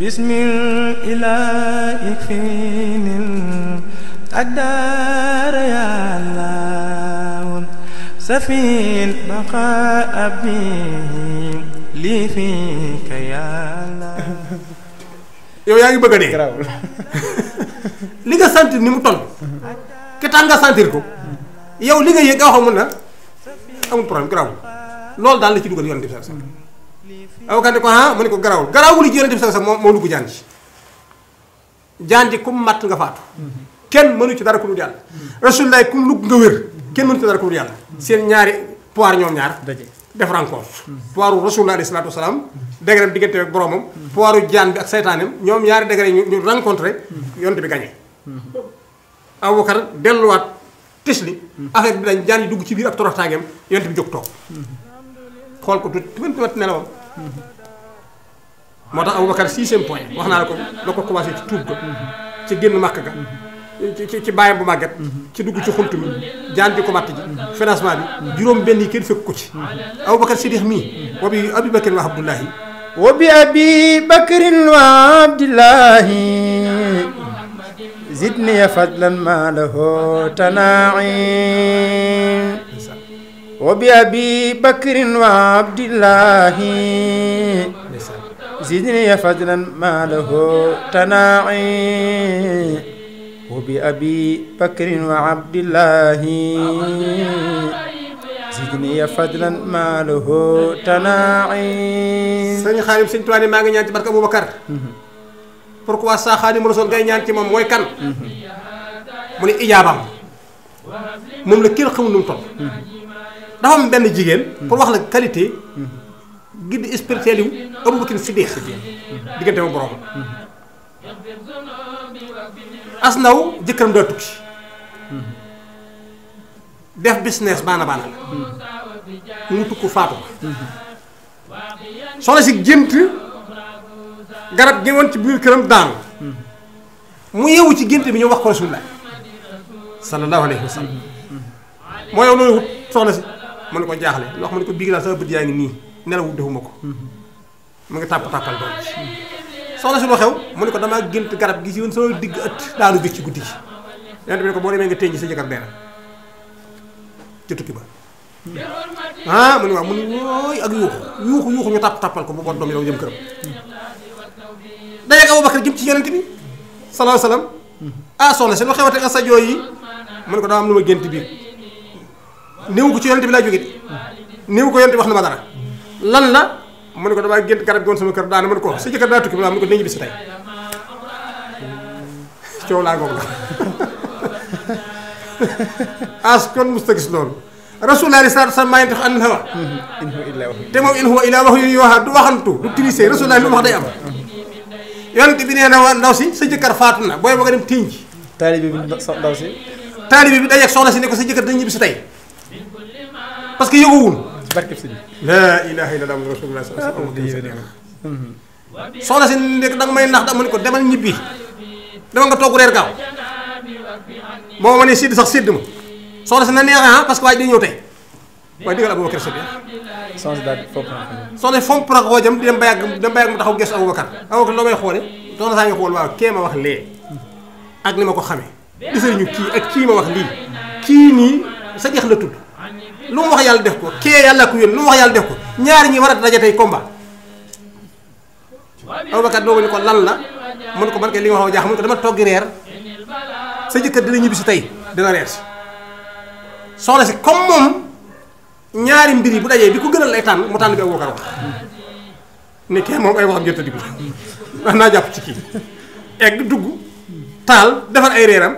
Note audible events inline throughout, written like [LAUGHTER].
باسم الإله يكفيني الدار يا الله سفين بقاء أبي lii fii ka yàlla. yow yaa ngi bëgg a dee. [LAUGHS] li nga sentir ni mu toll. ke tax nga ko. yow li nga yëg nga wax na amul problème garaaw loolu daal la ci dugal yoon bi sax. avocat kan ko ha mo ne ko garawul garawul ji yonente bi sa moo dugg jaan ji jaan kum mat nga faatu kenn mënu ci dara ko dul yalla mm-hmm. rasulullah kum lugg nga wér kenn mënu ci dara ko dul yalla mm-hmm. sen ñaari poar ñom ñaar def rencontre mm-hmm. poaru rasulullah sallallahu alaihi wasallam degrem diggante ak boromam poaru jaan bi ak setanem ñom ñaari degré ñu rencontrer rencontré bi gagné kan delu wat tisli affaire bi dañ jaan yi ci bir ak torotagem yonente bi jog tok xol ko tu tu nelaw [LAUGHS] moo tax Aboubacar sixième point wax naa la ko la ko commencé ci tuub ga ci génn màkk ga ci bàyyam bu màgget ci dugg ci xunt mi jaan ji ko matt ji financement bi juróom benn yi kenn fekk ko ci Aboubacar Siddiq mii wa bi wa Abdullahi wa bi wa Abdullahi zidni fadlan ma lahu tanaaim وبي أبي بكر وعبد الله زدني فضلا ما له تناعي وبي أبي بكر وعبد الله زدني فضلا ما له تناعي سني خالد سنت واني ما غنيان تي أبو بكر pourquoi sa khadim rasul ngay ñaan ci mom moy kan mu ni ijabam mom la kel xam num top dafa am benn jigéen. pour wax la qualité. guide spirituel yu Abubakar Siddiq diggante ma borom. asnaw jëkkëram daa tukki. def business baana baana la. mu tukku faatu ko. soxna si gént garab gi ci biir këram daanu. mu yeewu ci gént bi ñu wax ko Rasulullah sallallahu alayhi wa sallam. moo yow loolu wut soxna si. mu ko jaxlé loo xam ne ko bigla sa bëd yaangi ni nelaw defumako ko nga tap tapal do doom ci soxna si lu xew mu ne ko dama gënt garab gi ci won so digg ëtt daalu bi ci guddi gi yonent bi ne ko bo demee nga teñ sa jëkkër dee ci tukki ba ha ah, mu ne waaw mu ne wooy ak yuuxu yuuxu yuuxu ñu tap tapal ko bu bon doom yi daw jëm këram dajeeg bakkar jëm ci yonent bi sallallahu salaahu salaam ah soxna si lu xewate ak sa joy yi mu ne ko dama am luma gënt bi néew ko ci yonent bi laa jóge de néew ko yonent bi wax na ma dara lan la mu ne ko damaa gént garab goon sama kër daana mën ko sa jëkkër daa tukki mu ne ko dinañ bis tey [LAUGHS] coow laa ngoog la [LAUGHS] as kon mos ta gis loolu [LAUGHS] te moom in huwa illaa wahyun yuuhaa du waxantu du day am yonent bi nee na waa ndaw si sa jëkkër faatu na booy ba nga dem tiiñ ci taalibe bi ndaw si taalibe bi dajeeg si ne ko sa jëkkër dañ ñibbi si tey parce que yëguwul. laa ilaaha illallaah Muhammadu rasuulullaah sallallaahu alayhi wa danga may nax dama ne ko demal ñibbi dama nga togg reer gaaw boo ma ne sidd sax sidd ma soxna si na neex ah, parce que waaye day ñëw tey waaye digal Aboubacar Sadiq. soxna si daal fomp na saa ngi xool waaw kee ma wax lee ak ni ma ko xamee gisal ñu kii ak kii ma wax lii kii nii sa jeex la tudd. lu mu wax yàlla def ko ke yalla ku yoon lu mu wax yàlla def ko ñaar ñi war dajé tay tey combat Aboubacar doogu ni ko lan la mu ko barké li nga wax jax mu ko dama togg reer sa jëkkër dina ñibisi tay dina reer si soxna si comme mom ñaari mbiri bu dajé bi ko gënal lay tan mu tan bi Aboubacar wax ni ke mom ay wax jëtte a na ndax naa ci ki egg dugg tal defal ay reeram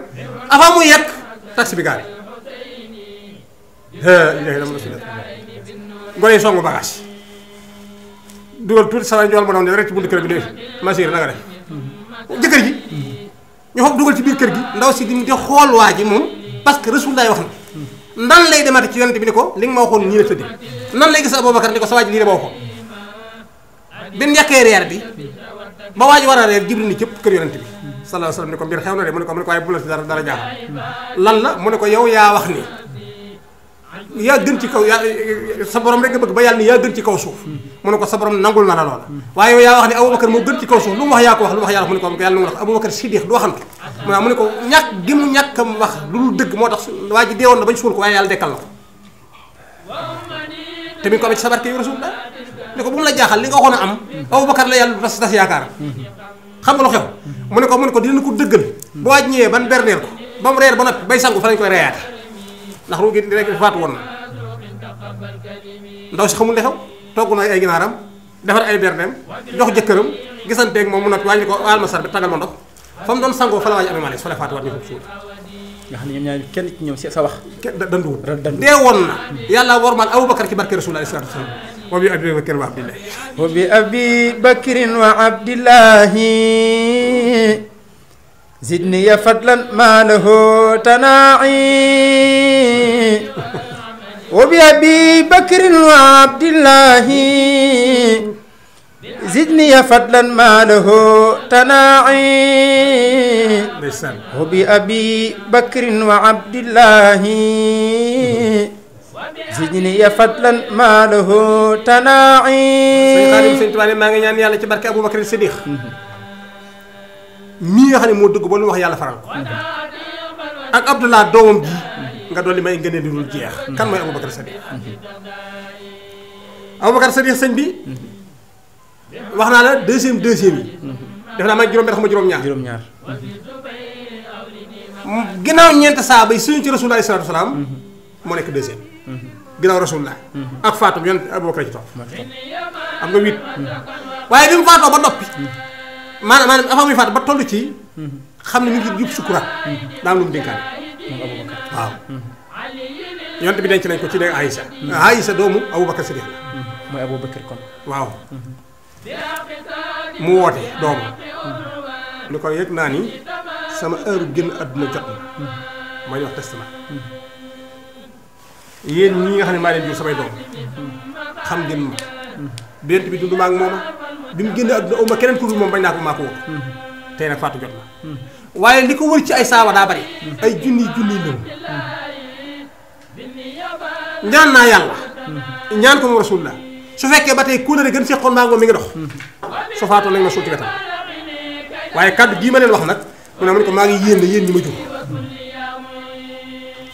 avant mu yek taxi bi gaari léegi dama la si def ngooy songu bagage dugal tuuti sala njool ma bi def masir na nga jëkkër ji ñu dugal ci biir kër gi ndaw si di di xool waa ji moom parce que Rasulullah wax nan lay demaate ci yonent bi ni ko li nga ma la tëdde nan lay gis sa waa ji lii la ma waxoon bi ba a reer Jibril ni cëpp kër yonent bi sallallahu alayhi wa sallam na de mu ne ko mu ne ko waaye bu si dara dara jaaxal lan la mu ne ko yow yaa wax ni ya gën ci kaw yaa sa borom rek bëgg ba yàlla ni ya gën ci kaw suuf mu ne ko sa borom nangul na la loola waaye yow yaa wax ne aboubacar moo gën ci kaw suuf lu mu wax yaa ko wax lu mu wax yàlla mu ne ko yàlla nangu na ko aboubacar siddiq du waxantu mu ne ko ñàkk gi mu ñàkkam wax lu dul dëgg moo tax waa ji deewoon na bañ suul ko waaye yàlla dekkal na ko te mi ko amee ci sa barke yu rasul daal ne ko bu mu la jaaxal li nga waxoon a am aboubacar la yàlla du tas tas yaakaar xam nga lu xew mu ne ko mu ne ko dinañ ko dëggal bu waaj ñëwee ban berneer ko ba mu reer ba noppi bay sangu fa lañ koy reyaate ndax ruuge di rek faatu woon na ndaw si xamul li xew togg na ay ginaaram defar ay berdeem jox jëkkëram gisanteeg moom mu noppi wàññi ko aal ma sar bi tàggal ma ndox fa mu doon sangoo fa la waaji amee malis fa la faatu waat ñu ko suuf nga xam ne ñoom ñaar kenn ci ñoom sa wax danduwul dee woon na yàlla warmaal aboubacar ci barke rasul alayhi salatu wasalam wa bi abi bakrin wa abdillahi wa bi abi bakrin wa abdillahi zidni ya fadlan maa lahu tanaa'i wa bi abi bakrin wa abdillahi zidni fadlan maa lahu wa bi abi bakrin wa abdillahi ngi ñaan yàlla ci barke mi nga xamne mo deug bo lu wax yalla faral ak abdullah domam bi nga doli may ngeene dul jeex kan moy abou bakkar sadiq abou bakkar sadiq señ bi waxna la deuxième deuxième yi def na ma juroom ben xama juroom ñaar juroom ñaar ginaaw ñent sa bay suñu ci rasulullah sallallahu alaihi wasallam mo nek deuxième ginaaw rasulullah ak fatum abou bakkar ci top am nga wit waye bimu mu ba nopi maanaam maanaam avant muy faatu ba tollu ci xam ne mi ngi jub sukkuraat mhm. daam lu mu dénkaan waaw mhm. yonent bi denc nañ ko ci ne Aïssa Aïssa doomu Aboubacar Siddiq la mhm. mooy mu woote doomu ni ko yëg naa ni sama heure génn adduna jot na mooy ñu wax testament yéen ñii nga xam ne maa leen jur samay doom xam ngeen ma bent bi dund maa ak mooma bi mu génnee àdduna uma keneen ku dul moom bañ naa ko maa ko wut tey nag faatu jot na waaye li ko wër ci ay saawa daa bari ay junniy junniy lëw ñaan naa yàlla ñaan ko mu rasulullah su fekkee ba tey kóolare gën see xool maa ngi mi nga dox su faatoo nañ ma suul ci wetam waaye kàddu gii ma leen wax nag mu ne man ko maa ngi yéen yéen ñi ma jur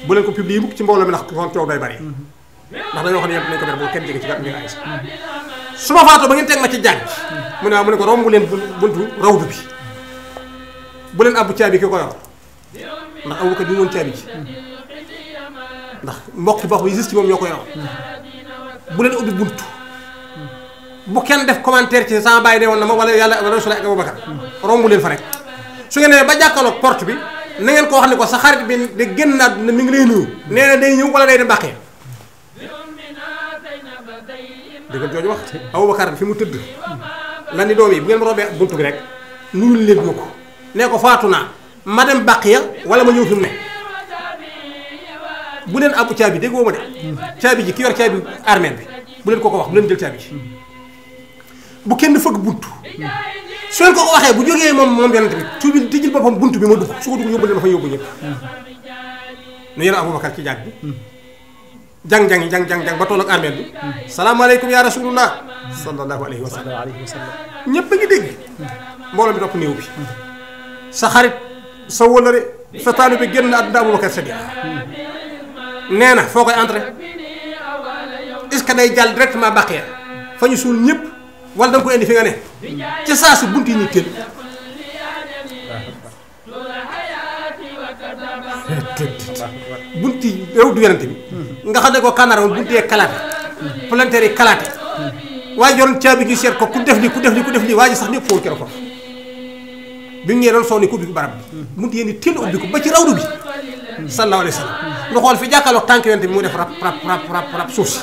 bu leen ko publier mukk ci mbooloo mi ndax kon coow day bari ndax dañoo xam ne yéen ko ber bu kenn jege ci gat ngeen ay su ma faatoo ba ngeen teg ma ci jàng mu ne waaw mu ne ko rombu leen buntu rawdu bi bu leen abbu caabi ki ko yor ndax amu ko du woon caabi ji yi gis ci moom ñoo ko yor bu leen ubbi buntu bu kenn def commentaire ci sama bàyyi ne woon na ma wala yàlla wala rasul ak Abubakar romb leen fa rek su ngeen nee ba jàkkaarloog port bi na ngeen ko wax ne ko sa xarit bi de génnaat na mi ngi lay nuyu nee na day ñëw wala day dem bàqee dëggal jooju wax Aboubacar fi mu tëdd la ni doom yi bu ngeen robee buntu bi rek nuyul leen ma ko nee ko faatu naa ma dem bàq ya wala ma ñëw fi mu ne bu leen àbbu caabi déggoo ma de caabi ji ki yor caabi armée bi bu leen ko ko wax bu leen jël caabi ji bu kenn fëgg bunt su leen ko ko waxee bu jógee moom moom yonent bi su bi boppam bunt bi ma dugg su ko dugg yóbbu leen dafa yóbbu ñëpp nu yéen Aboubacar ci jaag bi jang jang jang jang jang ba toll ak armel salam alaykum ya rasulullah sallallahu alayhi wa sallam ñepp ngi deg mbolam bi top niw bi sa xarit sa wolere sa taanu genn ad àdduna abubakar sadiq neena fokay entrer est ce day jall directement bàqeer fañu sul ñepp wal da ko indi fi nga ne ci saa si bunt yi ñu tël du yonante bi nga xam ne ko kànnaar bu dee kalaate palanteer yi kalaate waaye yoroon caabi ji seet ko ku def li ku def li ku def li waaj ji sax népp foofu kero ko bi mu ñëwee doon soo ko ubbi bi mu yéen ni teel ko ba ci rawdu bi lu xool fi jàkkaarloog def rab rab rab rab suuf si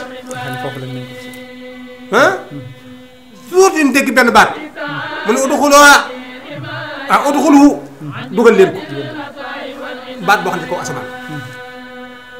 ah tuuti ñu dégg benn baat mu ne udxuluha ah udxuluhu dugal leen ko baat boo xam ne kaw asamaan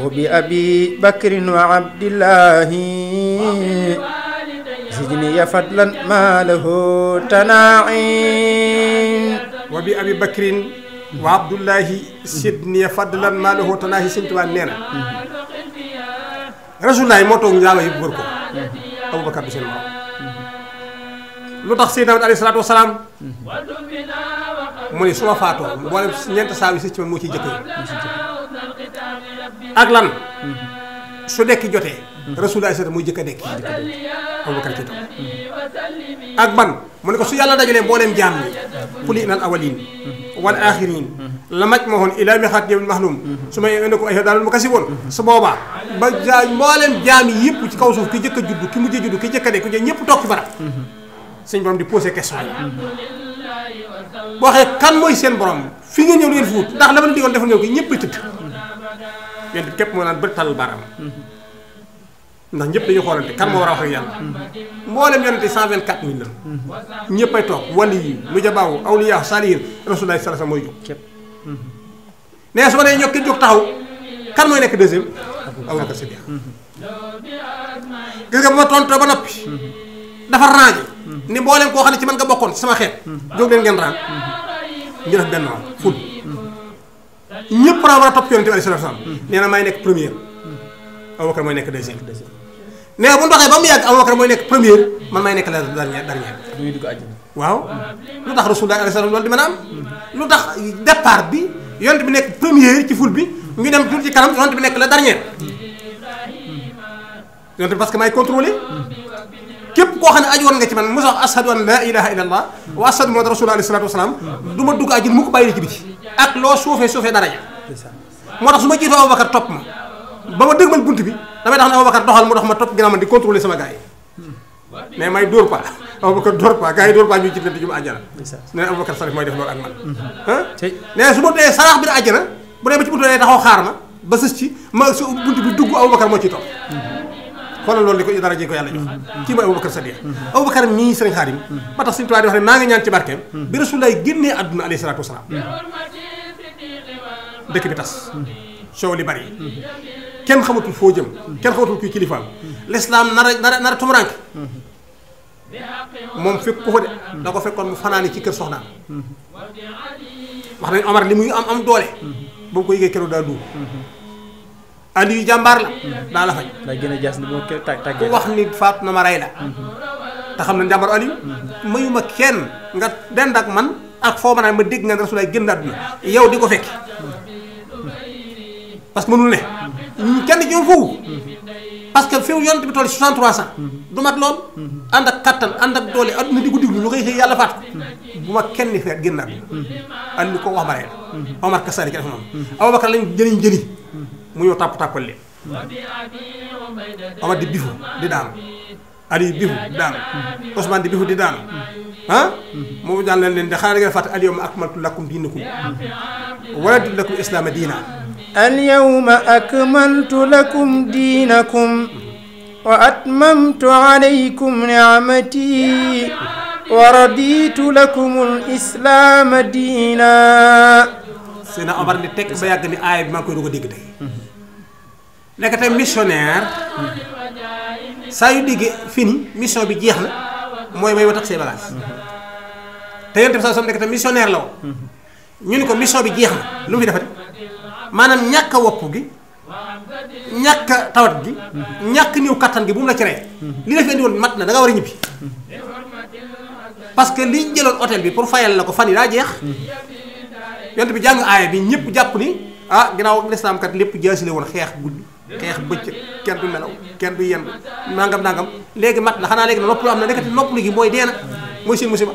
وبأبي بكر وعبد الله زدني فضلا ما له تناعين وبأبي بكر وعبد الله زدني فضلا ما له تناعي سنتوا نينا رسول الله موتو نجاوا يبغركو ابو بكر بن سلمان لوتاخ سيدنا alayhi الصلاه والسلام موني ni suma faato mbolem ñent saawi ci mo ak lan su dekki jotee rasulullah sallallahu alaihi wasallam mu jëkk dekk dekki bakkar ci tok ak ban mu ne ko su yalla dajalee mboolem jaam ñi qul inal awalin wal akhirin la maj ma ila mi khat yowul mahlum su ma yëngu ko ay daal mu kasi woon su boba ba jaay mboolem jaam yi yëpp ci kaw suuf ki jëkk judd ki mu judd ki jëkk dekk dekku ñëpp toog ci barab señ borom di poser question yi boo kan moy sen borom fi ngeen ñew leen fi ndax la ma digon defal ñew ki ñepp tudd Nah, yang képp moo naan barang, tàll baaraam ndax ñëpp dañu xoolante kan moo war a wax ak yàlla mboolem yonent la wali yi lu jabaawu awliyaa rasulullah rasulullahi sallallahu alayhi wasallam yang jóg nee su ma ñokki jóg taxaw kan mooy nekk deuxième Abubakar Siddiq gis nga ba ma tontoo ba noppi dafa raaje ni mboolem koo xam ci man nga bokkoon sama xeet jóg leen ngeen ñu def ñepp ra wara top a alayhi salam neena may nek premier abou abubakar mooy nek deuxième nee na bu ñu doxee ba mu yàgg abubakar mooy premier man may nek dernier dernier duñu dugg àjjana waaw lutax tax rasulullah alayhi salam lol di manam lutax départ bi yonente bi nek premier ci ful bi ngi dem tuuti ci kanam yonente bi nek la dernier yonente parce que may contrôler kep ko xane aji won nga ci man musa sax ashadu an la ilaha illallah wa ashadu muhammad rasulullah sallallahu alaihi wasallam duma dug dugg àjjana mu ko bàyyi ci biti ak lo soufé soufé dara ja motax suma ma jiitoo Aboubacar topp ma ba ma dëgg man bunt bi dama tax ne Aboubacar doxal mu dox ma top gina man di contrôler sama gaay mais may dor pa Aboubacar dor pa gaay dor dóor pa ñuy jiitlante ju ma àjjana ne Aboubacar Salif mooy def lool ak man mhm. hein né suma dee saraax bi da bu né ba ci buntu day taxaw xaar ma ba sës ci ma su bunt bi dugg Aboubacar moo ciy topp mhm. xoolal loolu li ko dara ji ko yàlla ki mhm. kii mooy Aboubacar Sadiq Aboubacar mii sëriñ Xaadim ba tax serigne touba di wax ne ma nga ñaan ci barkem bi Rasulullah genné aduna alayhi salatu wassalam dëkk bi tas coow li bari kenn xamatul foo jëm kenn xamatul kuy kilifaam lislaam nar a nar a moom fépp ko fa de da ko fekkoon mu fanaani ci kër soxnaam wax nañ Omar li muy am am doole ba mu ko yëgee keroog daa duur Aliou jàmbaar la daa la faj daa gën a jaas ni moo na ma rey la kenn nga dend ak man ak foo ma naa ma dégg nga Rasulaay génn àdduna yow di ko fekk parce que mënul ne kenn ci ñoom foofu parce que fi mu yonent bi toll 63 ans du mat lool ànd ak kattan ànd ak doole adduna di ko diglu lu koy xëy yàlla faat bu ma kenn feet génn ak andi ko wax ma rek Omar Kasari ci def noonu Aboubacar lañ jëriñ jëriñ mu ñëw tàpp tàppal leen Omar di bifu di daanu Ali bifu di daanu Ousmane di bifu di daanu ah moom daan leen leen de xanaa da ngeen fàtte al yawma akmaltu lakum diinakum wa raditu lakum islaama diina اليوم أكملت لكم دينكم وأتممت عليكم نعمتي ورديت لكم الإسلام دينا سيدنا أمر نتك تك با آية بما كنت أقول ديغ تاي نك ميشونير سايو ديغ فيني ميشون بي جيخنا موي موي واتاك سي بالاس تاي انت صاحب نك ميشونير لو ñun ko mission bi jeex na في دفتي maanaam ñàkk a wopp gi ñàkk tawat gi ñàkk niw kattan gi bu mu la ci rey li la fi indi woon mat na da war a ñibbi parce que liñ jëloon hôtel bi pour fayal na ko fan yi daa jeex yont bi jàng aaya bi ñëpp jàpp ni ah ginnaaw lislaam kat lépp jaasile woon xeex guddi xeex bëccëg kenn du melaw kenn du yendu nangam nangam léegi mat na xanaa léegi na nopp lu am na nekkati nopp lu gi mooy dee na mooy seen musiba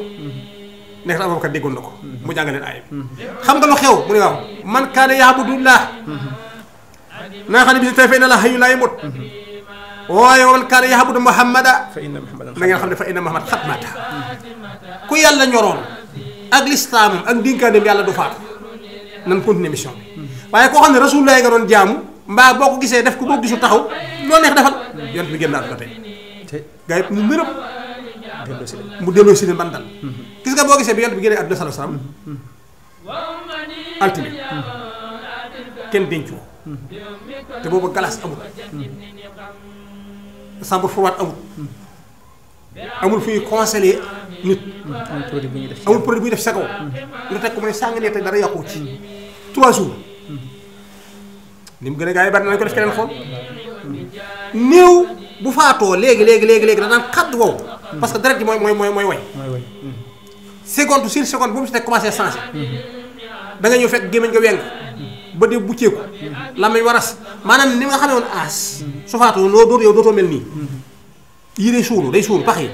neex na Abubakar déggoon na ko mu jàng leen aayam xam nga lu xew mu ne waaw man kaana yaabudullah naa xam ne bis tey fa inna la hayyun laa yamuut waaye man kaana yaabudu muhammada fa inna muhammadan na ngeen xam ne fa inna muhammad xat maata ku yàlla ñoroon ak lislaamam ak dénkaaneem yàlla du faatu nan continuer mission waaye koo xam ne rasulullah nga doon jaamu mbaa boo ko gisee def ko boo gisul taxaw loolu neex defal yont bi génn àdduna tey gaa yëpp ñu nërëb mu delloo si leen bantan gis nga boo gisee bi yonent bi génnee àdduna sala salaam altine kenn dencu te boobu galas amul sambre froide amul amul fu ñuy conseillé nit amul produit bu ñuy def amul produit bu ñuy def sa kaw lu teg ko mu ne sàng dara yàqu ci trois jours ni mu gën a gars ko def keneen xool néew bu faatoo léegi léegi léegi léegi danaan xadd wow parce que deret ji mooy mooy mooy mooy way seconde sur seconde bu si teg commencé changé da ñëw fekk gémmiñ nga weng ba dee bucceeku làmmiñ waras maanaam ni nga xamee woon aas su faatoo loo dootu yow dootoo mel nii yii day suulu day suulu pax yi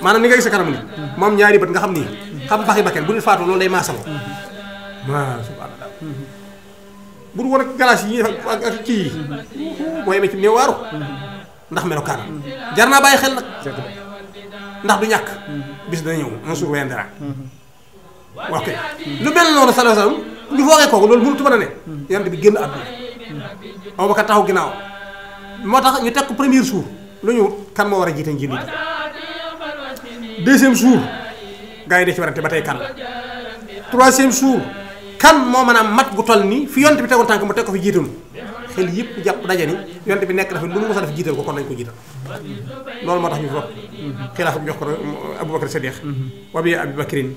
maanaam ni nga gis sa kanam moom ñaari bët nga xam nii xam pax yi bakken bu nit faatoo loolu day maasaloo waaw bu dul woon ak galaas yi ak kii yi mooy amee ci néewaaru ndax melokaan jar naa bàyyi xel nak ndax du ñak bis na ñew un jour ween dara lu mel non sallallahu alayhi wasallam ñu foogee kooku loolu mënut mën ne yonent bi genn addu aw ba ka taxaw ginaaw motax ñu tek premier jour lu ñu kan mo wara jité jiite deuxième jour gaay de ci warante batay kan troisième jour kan mo meuna mat gu toll nii fi yonent bi tegoon tank mu tek ko fi jitum xel yëpp jàpp daje ni yonte bi nekk na fi lu mu mos a def jiital ko kon nañ ko jiital loolu moo tax ñu fop xilaaf bi jox ko Aboubacar Sadiq wa bi Abi Bakrin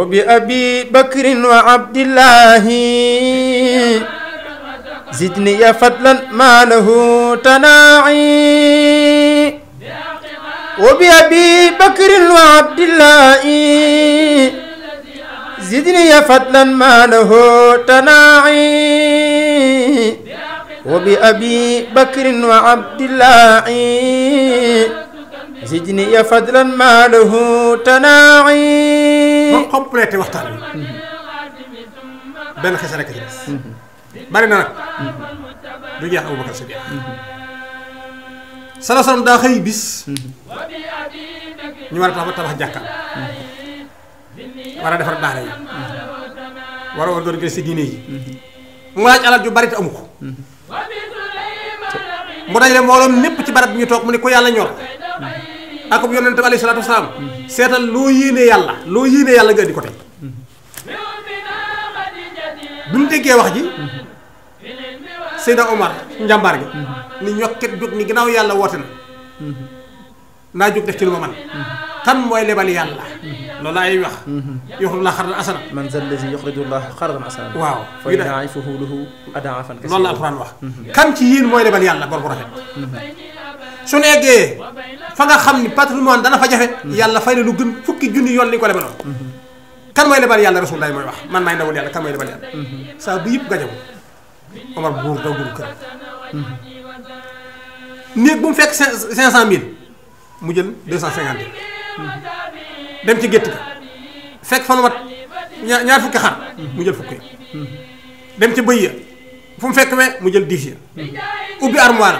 wa bi Abi Bakrin wa Abdillahi zidni ya fadlan ma lahu tanaa'i wa bi Abi Bakrin wa Abdillahi zidni ya fadlan ma lahu tanaa'i وبأبي بكر وعبد الله زدني يا فضلا ما له تناعي كم بريتي وقتها بين خسارة كثيرة مرينا دنيا أبو بكر سيدي صلى الله داخل بس ñu wara tabat tabax jakka wara defar daara yi wara war door gëssi diiné yi mu wax alal ju bari ta amuko mu dajale mbooloom mépp ci barab bi ñu toog mu ne ko yàlla ñor ak bu yonent bi alayhi seetal loo yéene yàlla loo yéene yàlla nga di ko tey bu ñu déggee wax ji Seydina Omar njàmbaar gi ni ñokket jóg ni ginnaaw yàlla woote na naa jóg def ci lu ma man kan mooy lebal yàlla loolu laay wax. yuxridu llaaha xardan asana. man zal lazi yuxridu llaaha xardan asana. waalahu waaw fa yudaa'ifuhu lahu adaafan kasiiran loolu la alxuraan wax. kan ci yéen mooy lebal yàlla bor bu rafet. su ñu eggee fa nga xam ni patrimoine dana fa jafe. yàlla fay na lu gën fukki junni yoon li ñu ko lebaloon. kan mooy lebal yàlla rasul laay mooy wax man maay ndawul yàlla kan mooy lebal yàlla. saa bu yëpp gajabu Omar buur daw dugg kër. néeg bu mu fekk cinq cent mille mu jël deux cent cinquante. dem ci gétt ga fekk fa lu ñaar fukki xar mu jël fukki dem ci bëy ya fu mu fekk me mu jël diis ya ubbi armoire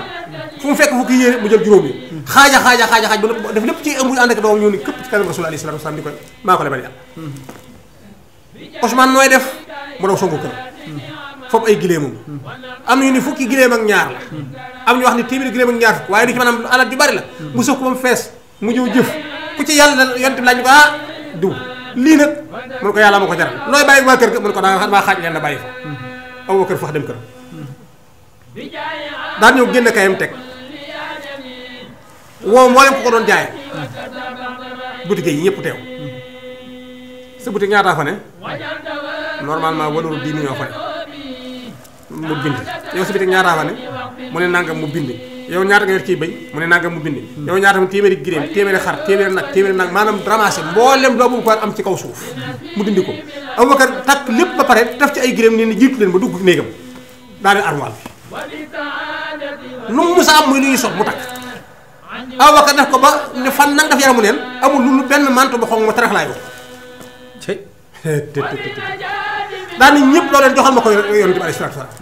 fu mu fekk fukki yére mu jël juróom yi xaaja xaaja xaaja xaaj ba def lépp ci ëmb ànd ak doom ñëw ni këpp ci kanam rasul alayhi salaatu wasalaam di koy maa ko lebal def mu daw songu kër foofu ay gileemam am ñu ni fukki gileem ak ñaar la am ñu wax ni téeméeri gileem ak ñaar fukk waaye du ci maanaam alal ju bari la mu sëf ko ba mu fees mu jëw jëf ku ci yàlla yonent bi laaj ñu ko ah, diw lii nag mun ko yàlla ma ko jaral looy bàyyi waa kër ga mun ko daa maa xaaj leen mhm. daan ñëw génn kayam teg woo mboolem ku ko doon jaay mhm. boutique yi ñëpp teew mhm. sa boutique ñaata fa ne normalement waluru dix millions fa ne mu bind yow sa boutique ñaata fa ne mu ne nangam mu bind yow ñaata nga ci bay mu ne nangam mu bind hmm. yow ñaata mu téméré gërem téméré xar téméré nak téméré nak manam mbollem do bu ko am ci kaw suuf mu dindi ko abubakar tak lepp ba paré taf ci ay gërem ni jitt len ba dugg neegam daal armal num musa am muy luñu sopp mu tak abubakar nak ko ba ni fan nang daf yaramu len amul lu ben manto bu xong ma tarax lay wax daan nañ ñëpp loo leen joxal ma ko yonent bi alayhi salaatu salaam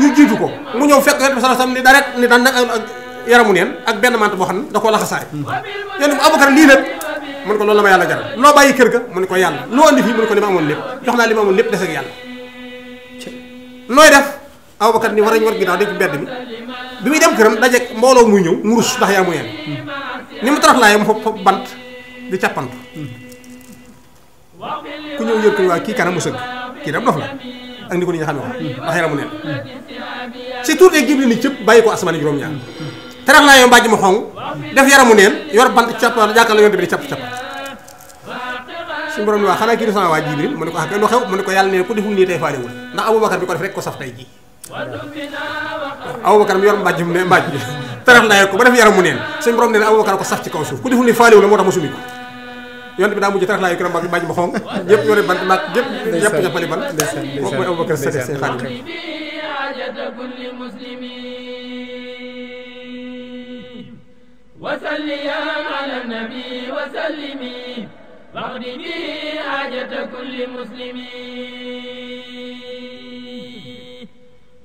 ñu jiitu ko mu ñëw fekk yonent bi salaatu salaam ni daret ni daan nag yaramu neen ak benn mante boo xam ne da koo laxasaay yonent bi abubakar lii nag mun ko loolu la ma yàlla jaral loo bàyyi kër ga mun ko yàlla lo andi fi mun ko li ma amoon lépp jox naa li ma amoon lépp des ak yàlla nooy def abubakar ni war war gi dañ ci mbedd bi bi muy dem këram dajeeg mbooloo muy ñëw mu rus ndax yaa mu yeen ni mu taraf laayee mu bant di càppantu ku ñëw yëkku wa ki kanam mu sëgg kii daf dof la ak ni ko nit ñi xamee ko ndax yaramu neen ci tuur de gibli ni cëpp bàyyi ko asamaan juróom-ñaar terax naa yow mbàjj ma xong def yaramu yor bant càppal jàkkaarloo yonte bi di càpp càpp suñu borom ni waa xanaa kii du ko ah, mu yàlla neen ku bi ko def ko saf tey ji aboubacar mi yor mbàjj ne mbàjj bi terax yaramu neen suñu borom neen aboubacar ko saf ci kaw suuf ku deful ni faaliwul moo tax ma sumi ko yonent bi daa mujj tarax laa yu kiram ba baaj ba xong ñëpp yore bant maag ñëpp ñëpp jàppali bant moom mooy Aboubacar Sadiq seen xaadim وسليا على النبي وسلمي واخدمي حاجة كل مسلمين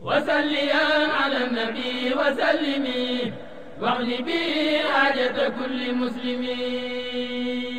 وسليا على النبي وسلمي واغلبي حاجة كل مسلمين